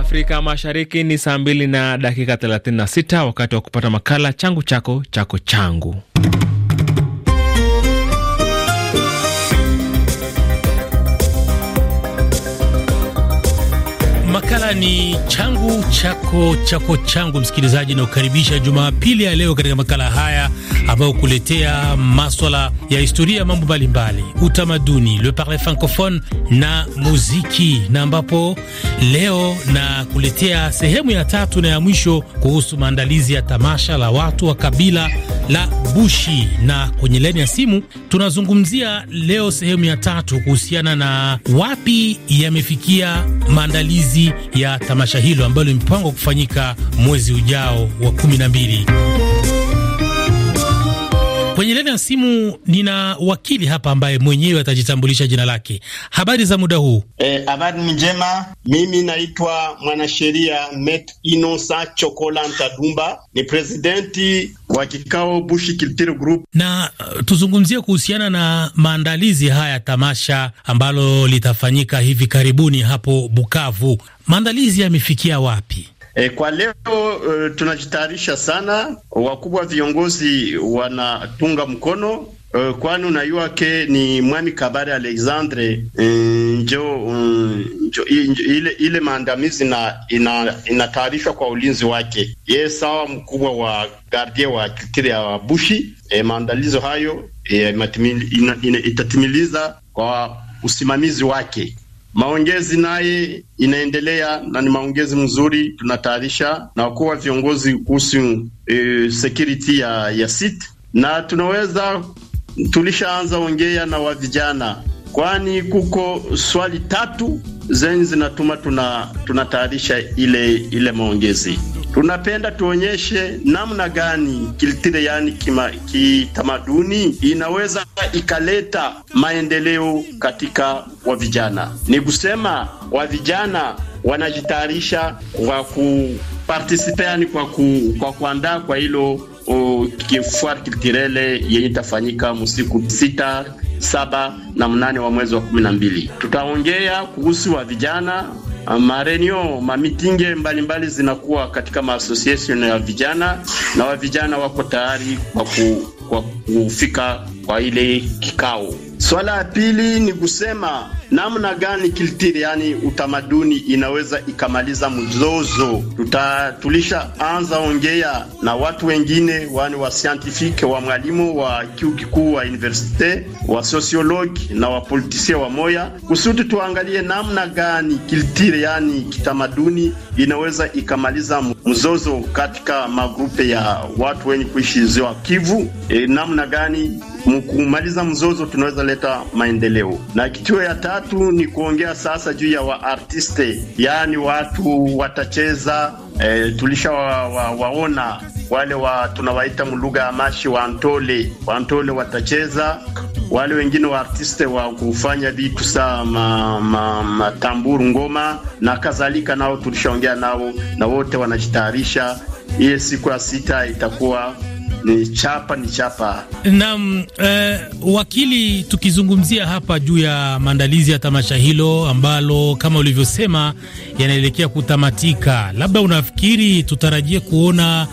Afrika Mashariki ni saa mbili na dakika 36, wakati wa kupata makala changu chako chako changu. ni changu chako chako changu, msikilizaji, na kukaribisha Jumapili ya leo katika makala haya ambayo kuletea maswala ya historia, mambo mbalimbali, utamaduni, le parle francophone na muziki, na ambapo leo na kuletea sehemu ya tatu na ya mwisho kuhusu maandalizi ya tamasha la watu wa kabila la Bushi, na kwenye leni ya simu tunazungumzia leo sehemu ya tatu kuhusiana na wapi yamefikia maandalizi ya tamasha hilo ambalo limepangwa kufanyika mwezi ujao wa 12. Kwenye laini ya simu nina wakili hapa ambaye mwenyewe atajitambulisha jina lake. Habari za muda huu? Eh, habari e, njema. Mimi naitwa mwanasheria Met Inosa Chokola Ntadumba, ni presidenti wa kikao Bushi Kiltiro Group. Na uh, tuzungumzie kuhusiana na maandalizi haya tamasha ambalo litafanyika hivi karibuni hapo Bukavu, maandalizi yamefikia wapi? E, kwa leo e, tunajitayarisha sana. Wakubwa viongozi wanatunga mkono e, kwani unayua ke ni Mwami Kabare Alexandre e, njo, mm, njo, njo ile, ile maandamizi na inatayarishwa ina kwa ulinzi wake ye sawa mkubwa wa gardie wa kikiri ya bushi e, maandalizo hayo e, ina, ina, itatimiliza kwa usimamizi wake Maongezi naye inaendelea na ni maongezi mzuri, tunatayarisha na wakuwa viongozi kuhusu e, security ya, ya sit na tunaweza tulishaanza ongea na wa vijana, kwani kuko swali tatu zenye zinatuma tunatayarisha tuna ile ile maongezi tunapenda tuonyeshe namna gani kiltire, yani kitamaduni, inaweza ikaleta maendeleo katika wa vijana. Ni kusema wa vijana wanajitayarisha kwa kupartisipe, yani kwa, ku, kwa kuandaa kwa hilo foire kulturele yenye itafanyika msiku sita, saba na mnane wa mwezi wa kumi na mbili. Tutaongea kuhusu wa vijana Ah, mareunion, mamitinge mbalimbali mbali zinakuwa katika maassociation ya vijana na wa vijana wako tayari kwa kufika kwa ile kikao. Swala ya pili ni kusema namna gani kiltiri, yani utamaduni, inaweza ikamaliza mzozo. Tuta, anza ongea na watu wengine wani wa scientifique wa mwalimu wa kiu kikuu wa universite wa sosiologi na wa politisia wa moya kusudi tuangalie namna gani kiltiri, yani kitamaduni, inaweza ikamaliza mzozo katika magrupe ya watu wenye kuishi ziwa Kivu. E, namna gani mkumaliza mzozo tunaweza leta maendeleo. Na kituo ya tatu ni kuongea sasa juu ya waartiste, yaani watu watacheza e, tulisha wa, wa, waona wale wa tunawaita mlugha ya mashi wantole, wantole watacheza wale wengine wa artiste wa kufanya vitu saa matamburu ma, ma, ngoma na kadhalika, nao tulishaongea nao na wote wanajitayarisha. Hiye siku ya sita itakuwa ni chapa ni chapa. Naam, eh, wakili, tukizungumzia hapa juu ya maandalizi ya tamasha hilo ambalo kama ulivyosema yanaelekea kutamatika, labda unafikiri tutarajie kuona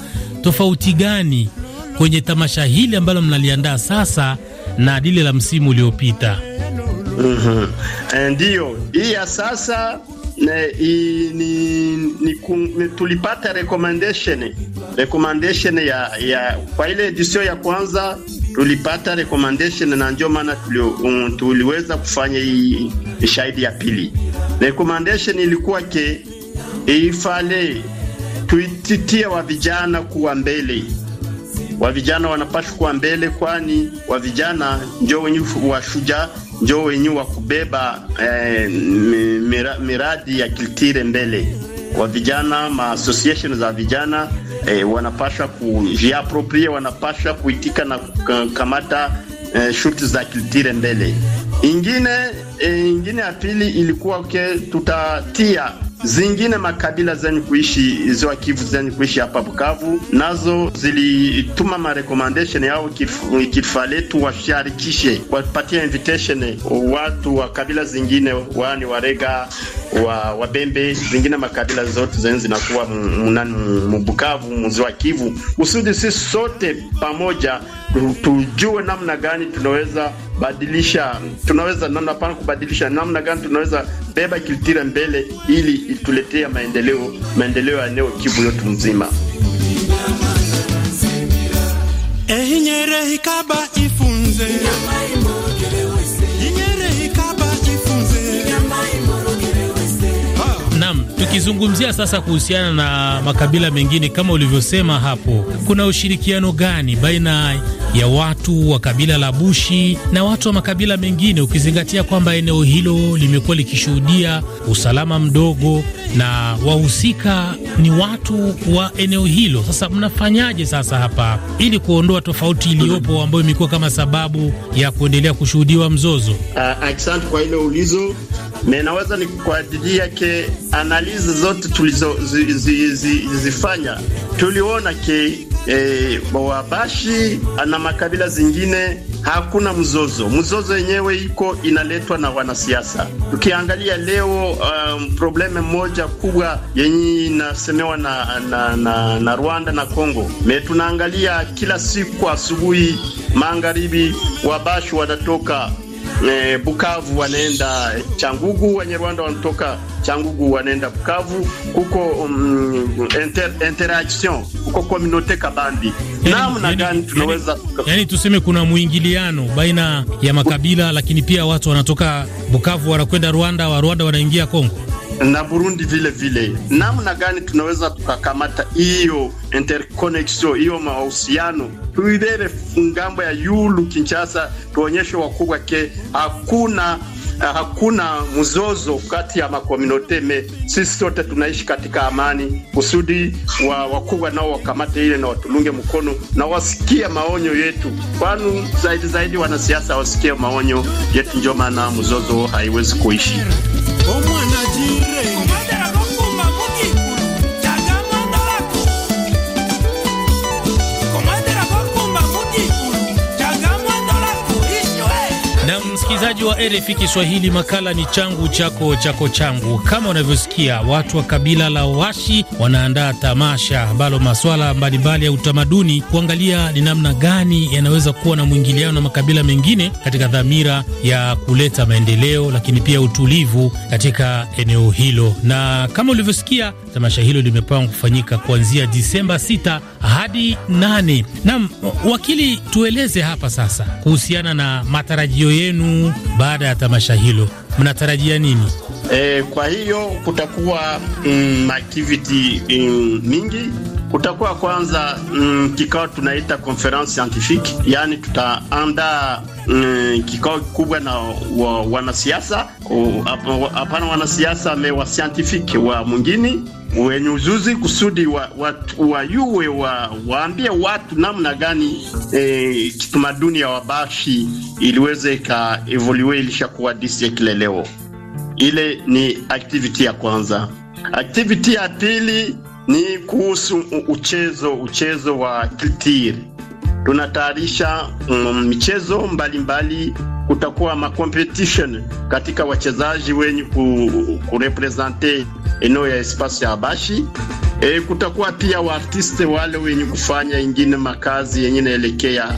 tofauti gani kwenye tamasha hili ambalo mnaliandaa sasa na lile la msimu uliopita? mm -hmm. Eh, Ndiyo, hii ya sasa ne, i, ni, ni, ni, tulipata recommendation recommendation ya, ya kwa ile edition ya kwanza tulipata recommendation na ndio maana tuli, um, tuliweza kufanya hii shahidi ya pili. Recommendation ilikuwa ke ifale tuititie wa vijana kuwa mbele, wa vijana wanapashwa kuwa mbele, kwani wa vijana ndio wenye washujaa njo wenye wa kubeba eh, miradi ya kiltire mbele wa vijana, ma association za vijana eh, wanapasha kujiaproprie, wanapasha kuitika na kukamata eh, shuti za kiltire mbele. Ingine eh, ingine ya pili ilikuwa ke tutatia zingine makabila zenye kuishi ziwa Kivu zenye kuishi hapa Bukavu nazo zilituma marekomandation yao kitfa letu washarikishe wapatia invitation watu wa kabila zingine, waani Warega wa Wabembe, zingine makabila zote zenye zinakuwa mnani Mubukavu mziwa Kivu, kusudi sisi sote pamoja tujue namna gani tunaweza badilisha, tunaweza namna pana kubadilisha, namna gani tunaweza beba kiltira mbele, ili ituletea maendeleo, maendeleo ya eneo Kivu yote mzima. Eh, tukizungumzia sasa kuhusiana na makabila mengine kama ulivyosema hapo, kuna ushirikiano gani baina ya watu wa kabila la Bushi na watu wa makabila mengine, ukizingatia kwamba eneo hilo limekuwa likishuhudia usalama mdogo na wahusika ni watu wa eneo hilo. Sasa mnafanyaje sasa hapa ili kuondoa tofauti iliyopo ambayo imekuwa kama sababu ya kuendelea kushuhudiwa mzozo? Uh, kwa ile ulizo na naweza ni kwa ke analizi zote tulizozifanya tuliona ke e, Wabashi na makabila zingine hakuna mzozo. Mzozo yenyewe iko inaletwa na wanasiasa. Tukiangalia leo, um, probleme moja kubwa yenye inasemewa na, na, na, na Rwanda na Kongo me, tunaangalia kila siku asubuhi, magharibi, Wabashi wanatoka e, Bukavu wanaenda Changugu, Wanyarwanda wanatoka Changugu wanaenda Bukavu, kuko um, inter, interaction kuko community kabandi namna gani tunaweza yani, yani tuseme kuna mwingiliano baina ya makabila, lakini pia watu wanatoka Bukavu wanakwenda Rwanda, wa Rwanda wanaingia Kongo na Burundi vile vile. Namna gani tunaweza tukakamata hiyo interconnection, hiyo mahusiano, tuidere ngambo ya yulu Kinshasa, tuonyeshe wakubwa ke hakuna hakuna mzozo kati ya makomunote me, sisi sote tunaishi katika amani, kusudi wa wakubwa nao wakamate ile na watulunge mkono na wasikie maonyo yetu, kwani zaidi zaidi wanasiasa wasikie maonyo yetu, ndio maana mzozo haiwezi kuishi. msikilizaji wa RFI Kiswahili, makala ni changu chako chako changu. Kama unavyosikia, watu wa kabila la Washi wanaandaa tamasha ambalo maswala mbalimbali ya utamaduni kuangalia ni namna gani yanaweza kuwa na mwingiliano na makabila mengine katika dhamira ya kuleta maendeleo, lakini pia utulivu katika eneo hilo. Na kama ulivyosikia, tamasha hilo limepangwa kufanyika kuanzia Disemba 6 hadi 8. Naam, wakili, tueleze hapa sasa kuhusiana na matarajio yenu Lamu baada ya tamasha hilo, mnatarajia nini? E, kwa hiyo kutakuwa mm, activity mm, mingi Kutakuwa kwanza mm, kikao tunaita conference scientifique, yaani tutaandaa mm, kikao kikubwa na wanasiasa wa hapana, wanasiasa me wa scientifique wa mwingine wenye uzuzi kusudi wayuwe wa, wa waambie wa watu namna gani e, kitamaduni ya wabashi iliweze ikaevoliwe ilishakuwa disekile leo. Ile ni activity ya kwanza. Activity ya pili ni kuhusu uchezo uchezo wa kiltiri. Tunatayarisha mm, michezo mbalimbali. Kutakuwa ma competition katika wachezaji wenye kurepresente eneo ya espasi ya Abashi. E, kutakuwa pia waartiste wale wenye kufanya ingine makazi yenye naelekea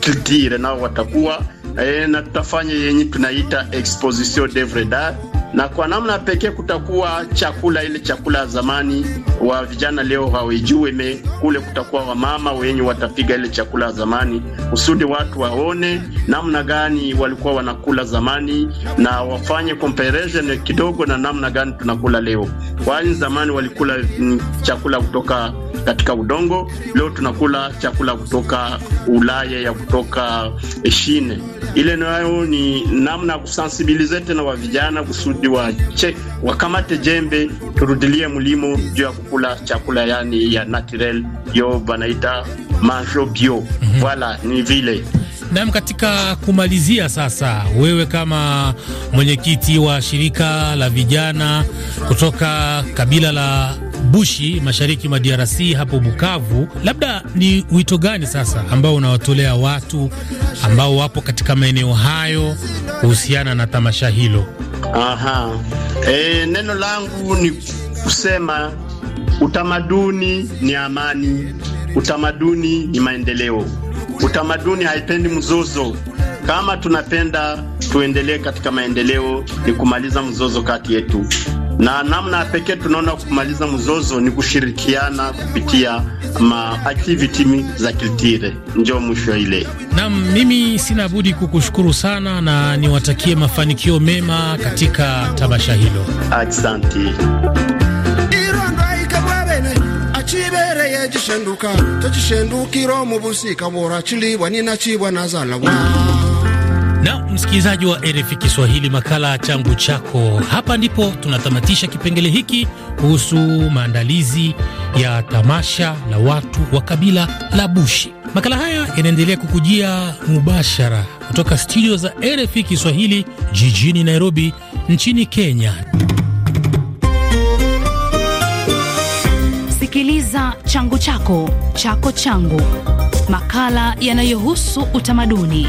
kitire nao watakuwa e, na tutafanya yenye tunaita exposition devredar na kwa namna pekee kutakuwa chakula, ile chakula zamani wa vijana leo me kule kutakuwa wamama wenye watapiga ile chakula zamani, kusudi watu waone namna gani walikuwa wanakula zamani na wafanye comparison kidogo na namna gani tunakula leo, kwani zamani walikula mm, chakula kutoka katika udongo. Leo tunakula chakula kutoka Ulaya ya kutoka shine ile, nayo ni namna ya kusensibilize tena wa vijana kusudi wache wakamate jembe, turudilie mlimo juu ya kukula chakula yani ya naturel, yo banaita manjo bio. Voilà, mhm. ni vile nam. Katika kumalizia sasa, wewe kama mwenyekiti wa shirika la vijana kutoka kabila la Bushi mashariki mwa DRC hapo Bukavu. Labda ni wito gani sasa ambao unawatolea watu ambao wapo katika maeneo hayo kuhusiana na tamasha hilo? Aha. E, neno langu ni kusema utamaduni ni amani, utamaduni ni maendeleo, utamaduni haipendi mzozo. Kama tunapenda tuendelee katika maendeleo, ni kumaliza mzozo kati yetu na namna pekee tunaona kumaliza mzozo ni kushirikiana kupitia maaktiviti za kiltire. njo mwisho ile. Naam, mimi sina budi kukushukuru sana na niwatakie mafanikio mema katika tabasha hilo. Asante. chibereye gishenduka tachishendukiro mubusika borachilibwa ninachibwa nazalawa na msikilizaji wa RFI Kiswahili, makala changu chako. Hapa ndipo tunatamatisha kipengele hiki kuhusu maandalizi ya tamasha la watu wa kabila la Bushi. Makala haya yanaendelea kukujia mubashara kutoka studio za RFI Kiswahili jijini Nairobi nchini Kenya. Sikiliza changu chako chako changu, makala yanayohusu utamaduni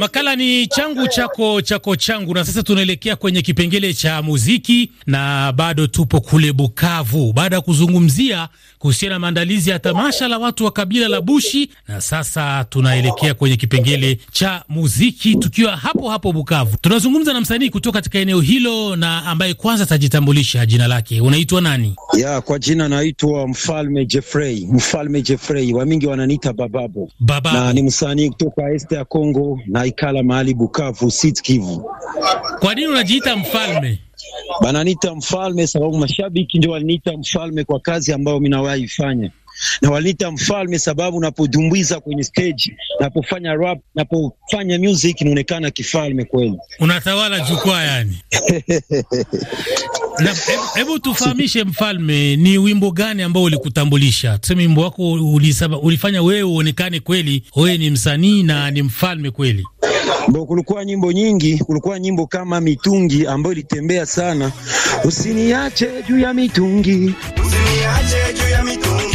Makala ni changu chako chako changu, na sasa tunaelekea kwenye kipengele cha muziki, na bado tupo kule Bukavu baada ya kuzungumzia kuhusiana na maandalizi ya tamasha la watu wa kabila la Bushi, na sasa tunaelekea kwenye kipengele cha muziki tukiwa hapo hapo Bukavu. Tunazungumza na msanii kutoka katika eneo hilo na ambaye kwanza atajitambulisha jina lake. Unaitwa nani? Ya, kwa jina naitwa Mfalme Jeffrey, Mfalme Jeffrey, wamingi wananiita Bababo, Bababo, na ni msanii kutoka este ya Kongo na naikala mahali Bukavu, Sud Kivu. Kwa nini unajiita mfalme? Bananiita mfalme sababu mashabiki ndio waliniita mfalme kwa kazi ambayo minawahi fanya na waliniita mfalme sababu napodumbuiza kwenye stage, napofanya rap, napofanya music, inaonekana kifalme kweli. Unatawala jukwaa yani? Hebu tufahamishe mfalme, ni wimbo gani ambao ulikutambulisha? Tuseme wimbo wako ulisaba, ulifanya wewe uonekane kweli wewe ni msanii na ni mfalme kweli. Bo, kulikuwa nyimbo nyingi, kulikuwa nyimbo kama mitungi ambayo ilitembea sana, usiniache juu ya mitungi, usiniache juu ya mitungi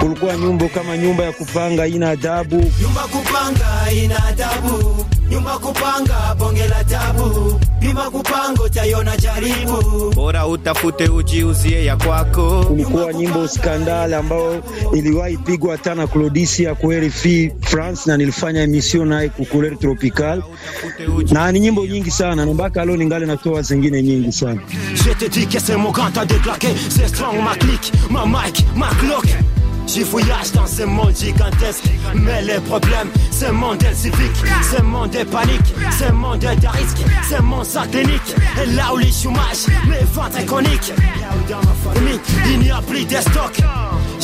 kulikuwa nyimbo kama nyumba ya kupanga ina adabu, nyumba kupanga ina adabu nyumba kupanga bonge la tabu, bima kupango utaiona jaribu, bora utafute ujiuzie ya kwako. Kulikuwa nyimbo skandal ambayo iliwahi pigwa hata na Claudisia fi France, na nilifanya emission naye kukulere tropical, na ni nyimbo nyingi sana, na mpaka leo ningali natoa zingine nyingi sana. Je te dis que c'est mon grand a déclaré, c'est strong ma clique, ma mic, ma cloque J'y voyage dans ce monde gigantesque. Mais les problèmes, ce monde est civique. Ce monde est panique. Ce monde est à risque. Ce monde sans Et là où les chômages, mes ventes iconiques. il n'y a plus de stock.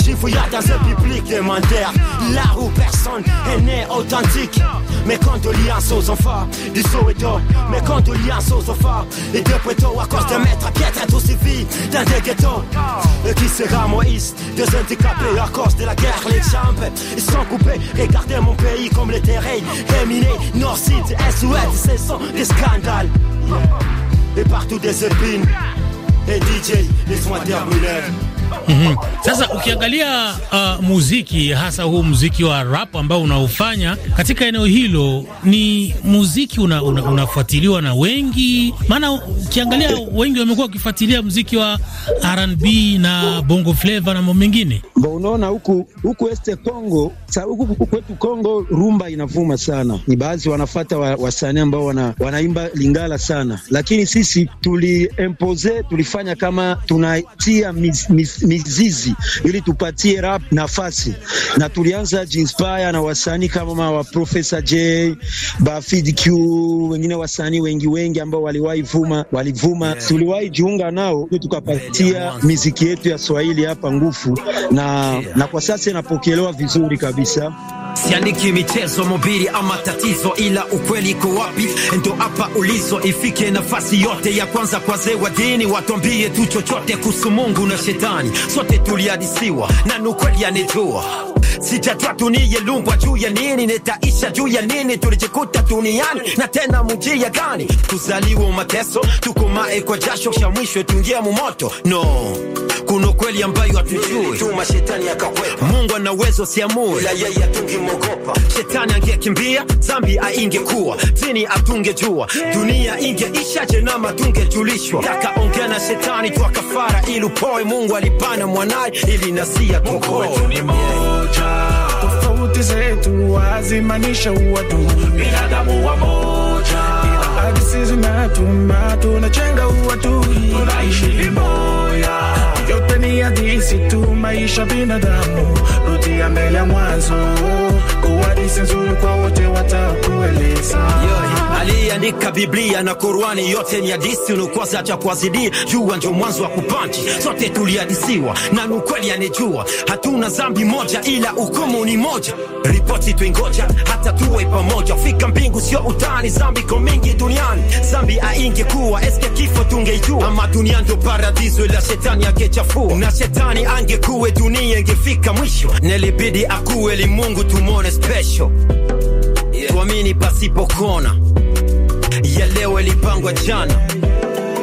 J'y fouillé dans un public démentaire, là où personne est né authentique. Mes condoléances aux enfants du Soweto, mes condoléances aux enfants et de Puerto à cause de maître à piètre tous civils dans des ghettos. Et euh, qui sera Moïse, des handicapés à cause de la guerre, les champs, ils sont coupés. Regardez mon pays comme les terrains éminés, nord-sud, est-ouest, ce sont des scandales. Et partout des épines. Et DJ, les moi terminer. Mm -hmm. Sasa ukiangalia uh, muziki hasa huu muziki wa rap ambao unaofanya katika eneo hilo ni muziki una, una, unafuatiliwa na wengi, maana ukiangalia wengi wamekuwa wakifuatilia muziki wa R&B na bongo flava na mambo mengine. Unaona huku huku este Kongo, huku kwetu Kongo rumba inavuma sana, ni baadhi wanafata wasanii wa ambao wana, wanaimba lingala sana, lakini sisi tuliempoze tulifanya kama tunatia mis, mis mizizi ili tupatie rap nafasi, na tulianza jinspire na wasanii kama wa Professor J, Bafid Q, wengine wasanii wengi wengi ambao waliwahi vuma walivuma, yeah. Tuliwahi jiunga nao ili tukapatia miziki yetu ya Swahili hapa nguvu na, yeah. Na kwa sasa inapokelewa vizuri kabisa. Siandiki michezo mobili ama tatizo, ila ukweli iko wapi? Ndo hapa ulizo, ifike nafasi yote ya kwanza kwa zee wa dini, watwambie tu chochote kuhusu Mungu na shetani amani sote tulianisiwa na nukweli anijua sijajua tunie lungwa juu ya nini nitaisha juu ya nini tulijikuta duniani na tena mujia gani tuzaliwa mateso tukomae kwa jasho shamwisho mwisho tuingie mumoto no kuna kweli ambayo hatujui. Mungu ana uwezo siamue, shetani angekimbia, zambi aingekuwa dini atungejua, dunia ingeishaje na matungejulishwa. Akaongea na shetani twa kafara ili upoe, Mungu alipana mwanaye ili nasia tuokoe tofauti zetu wazimanisha uadui, binadamu wa moja, ila hadithi zinatuma tunajenga uadui, tunaishi limoja dunia jinsi tu maisha binadamu, rudia mbele ya mwanzo Aliandika Biblia na Korani yote ni hadisi, unakosa cha kuazidi jua ndio mwanzo wa kupanti Sote tuliadisiwa na nukweli anejua, hatuna zambi moja ila hukumu ni moja. Ripoti twingoja hata tuwe pamoja, fika mbingu sio utani. Zambi ko mingi duniani, zambi aingekuwa eske kifo tungeijua, ama dunia ndio paradiso ila shetani akechafua, na shetani angekuwe dunia ingefika mwisho, nelibidi akuwe limungu tumone special yeah. Tuamini pasipo kona, ya leo ilipangwa jana.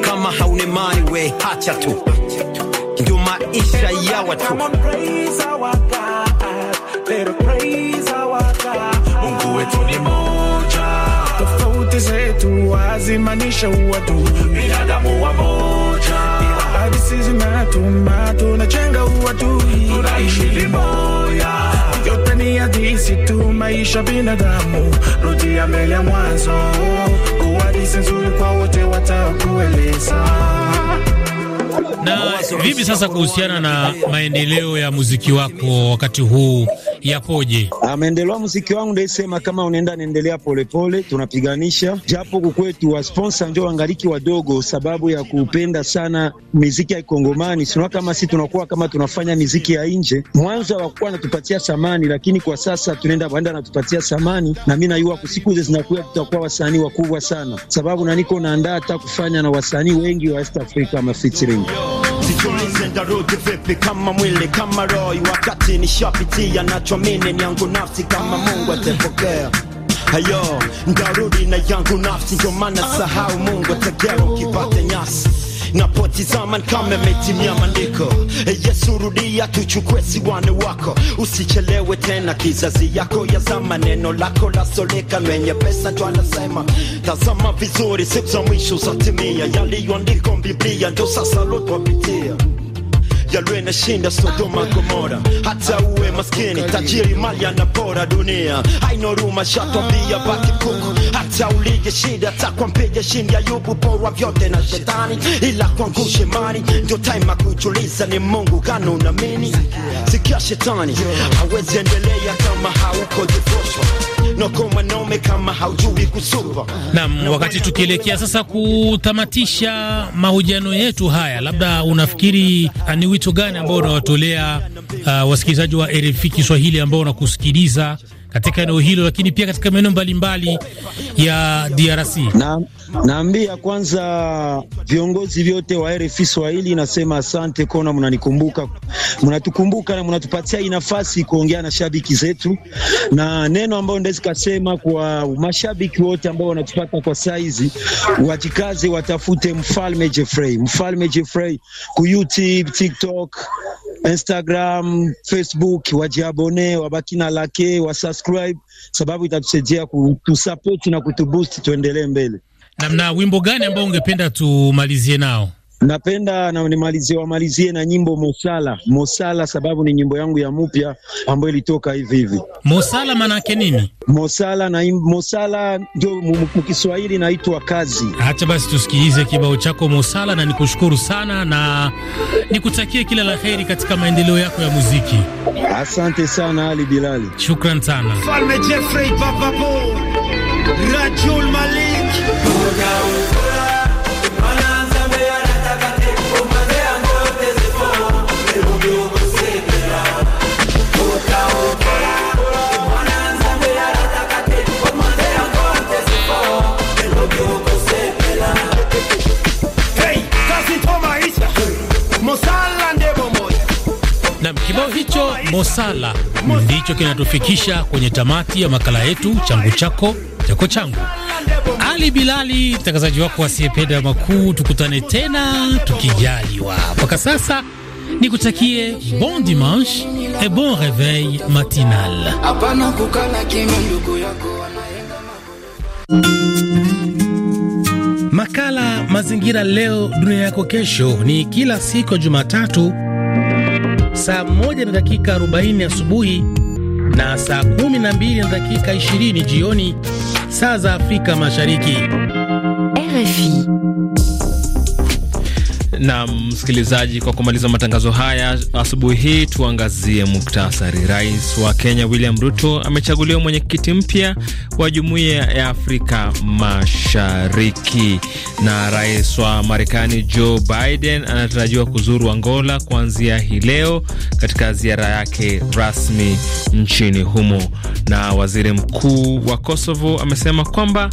Kama hauna imani we hacha tu, ndio maisha ya watu. Mungu wetu ni moja, tofauti zetu wazimanisha watu, binadamu wa moja, hadithi zinatuma tu maisha binadamu, rudia mbele ya mwanzo, uwadisi nzuri kwa wote watakueleza. Na vipi sasa kuhusiana na maendeleo ya muziki wako wakati huu yapoje? Maendeleo muziki wangu ndaisema kama unaenda naendelea polepole, tunapiganisha japo kukwetu wasponsa njo wangaliki wadogo, sababu ya kupenda sana miziki ya Kongomani. Sina kama si tunakuwa kama tunafanya miziki ya nje, mwanzo wakuwa natupatia samani, lakini kwa sasa tunaenda waenda anatupatia samani na mi naiwa siku zinakuja tutakuwa wasanii wakubwa sana, sababu na niko naandaa hata kufanya na wasanii wengi wa East Africa mafitiringi. Sijulize ndarudi vipi kama mwili kama roho, wakati nishapitia nachoamini ni nafsi, kama Mungu atapokea hayo ndarudi na yangu nafsi, ndio maana sahau Mungu ategea ukipata nyasi napotizama kama metimia maandiko. Eh, Yesu, rudia tuchukue wane wako, usichelewe tena kizazi yako, yazama neno lako lasoleka, mwenye pesa ndo anasema. Tazama vizuri, siku za mwisho zatimia, yaliyoandikwa Biblia ndo sasa lotwapitia yalwe shinda Sodoma Gomora, hata uwe maskini tajiri, mali anapora. Dunia haina huruma, shatwambia baki kuku, hata ulige shida, takwampiga shindi Ayubu, porwa vyote na shetani, ila kuangushe mali ndio time akujuliza ni Mungu na mini Sikia shetani hawezi endelea kama hauko divoshwa Naam, wakati tukielekea sasa kutamatisha mahojiano yetu haya, labda unafikiri ah, ni wito gani ambao unawatolea uh, wasikilizaji wa RFI Kiswahili ambao wanakusikiliza katika eneo hilo, lakini pia katika maeneo mbalimbali ya DRC? Naam. Naambia kwanza viongozi vyote wa RFI Swahili, nasema asante kona, mnanikumbuka mnatukumbuka na mnatupatia hii nafasi kuongea na shabiki zetu, na neno ambayo ndaweza kasema kwa mashabiki wote ambao wanatupata kwa saizi, wajikaze, watafute Mfalme Jeffrey, Mfalme Jeffrey ku YouTube, TikTok Instagram, Facebook, wajiabone, wabaki na lake, wasubscribe, sababu itatusaidia kutusupport na kutuboost tuendelee mbele. Namna wimbo gani ambao ungependa tumalizie nao? Napenda na nimalizie wamalizie na nyimbo Mosala. Mosala sababu ni nyimbo yangu ya mupya ambayo ilitoka hivi hivi. Mosala maana yake nini? Mosala na Mosala ndio mkiswahili naitwa kazi. Acha basi tusikilize kibao chako Mosala, na nikushukuru sana na nikutakie kila la heri katika maendeleo yako ya muziki. Asante sana Ali Bilali, shukran sana. Mfalme Jeffrey Rajul Mali Kibao hicho Mosala ndicho kinatufikisha kwenye tamati ya makala yetu changu chako chako changu. Ali Bilali, mtangazaji wako asiyependa makuu. Tukutane tena tukijaliwa. Mpaka sasa ni kutakie bon dimanche et bon reveil matinal. Makala Mazingira Leo Dunia Yako Kesho ni kila siku ya Jumatatu saa 1 na dakika 40 asubuhi na saa 12 na dakika 20 jioni saa za Afrika Mashariki. RFI. Na msikilizaji, kwa kumaliza matangazo haya asubuhi hii, tuangazie muktasari. Rais wa Kenya William Ruto amechaguliwa mwenyekiti mpya wa Jumuiya ya Afrika Mashariki, na rais wa Marekani Joe Biden anatarajiwa kuzuru Angola kuanzia hii leo katika ziara yake rasmi nchini humo. Na waziri mkuu wa Kosovo amesema kwamba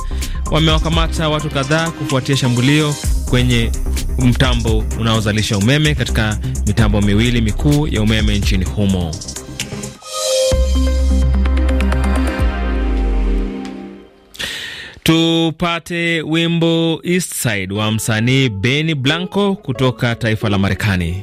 wamewakamata watu kadhaa kufuatia shambulio kwenye mtambo unaozalisha umeme katika mitambo miwili mikuu ya umeme nchini humo. Tupate wimbo East wa msanii Benny Blanco kutoka taifa la Marekani.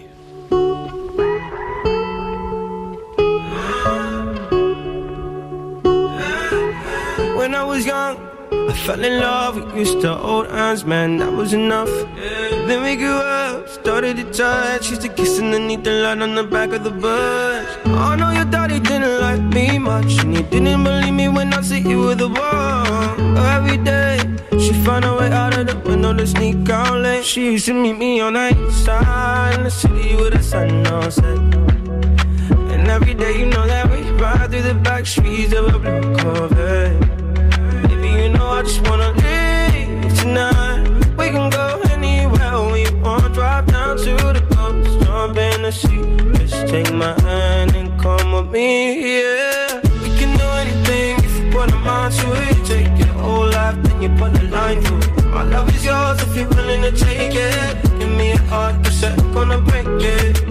Fell in love, we used to hold hands, man, that was enough. Yeah. Then we grew up, started to touch, used to kiss underneath the light on the back of the bus. I oh, know your daddy didn't like me much, and he didn't believe me when I said you were the one. Every day, she found a way out of the window to sneak out late. She used to meet me on the east in the city with a sun on set. And every day, you know that we ride through the back streets of a blue Corvette just wanna leave tonight. We can go anywhere we want. Drive down to the coast, jump in the sea. Just take my hand and come with me, yeah. We can do anything if you put a mind to it. take your whole life, then you put a line through it. My love is yours if you're willing to take it. Give me a heart, cause I'm gonna break it.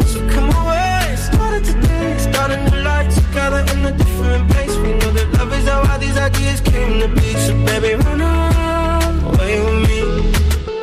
came to be, so baby, run with me.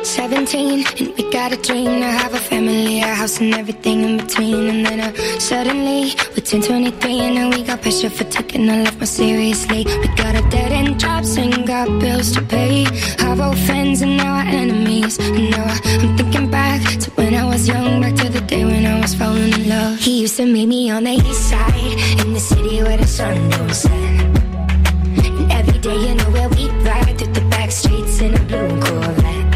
17, and we got a dream to have a family, a house, and everything in between. And then uh, suddenly, we're 10, 23, and now we got pressure for taking our life more seriously. We got a dead end jobs and got bills to pay. Our old friends and now our enemies. And now I, uh, I'm thinking back to when I was young, back to the day when I was falling in love. He used to meet me on the east side, in the city where the sun don't set day, you know where we ride through the back streets in a blue Corvette.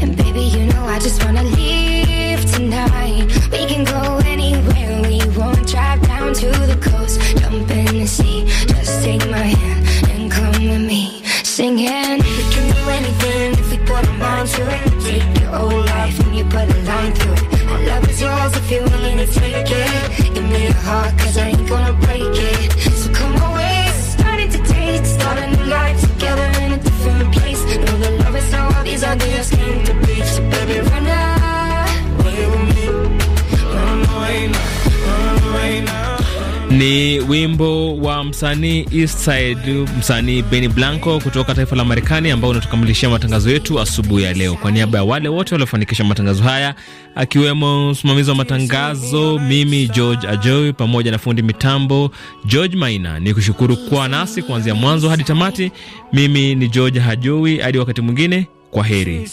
And baby, you know I just wanna leave tonight. We can go anywhere we want, drive down to the coast, jump in the sea. Just take my hand and come with me, singing. We can do anything if we put our mind to it. Take your whole life and you put a line through it. My love is yours if you're willing to take it. Give me your heart, cause I ain't gonna break it. to be, so baby, Play with me. Run away now. Run away now. Ni wimbo wa msanii Eastside, msanii Benny Blanco kutoka taifa la Marekani, ambao unatukamilishia matangazo yetu asubuhi ya leo. Kwa niaba ya wale wote waliofanikisha matangazo haya, akiwemo msimamizi wa matangazo, mimi George Ajoi, pamoja na fundi mitambo George Maina, ni kushukuru kwa nasi kuanzia mwanzo hadi tamati. Mimi ni George Hajoi, hadi wakati mwingine. Kwa heri.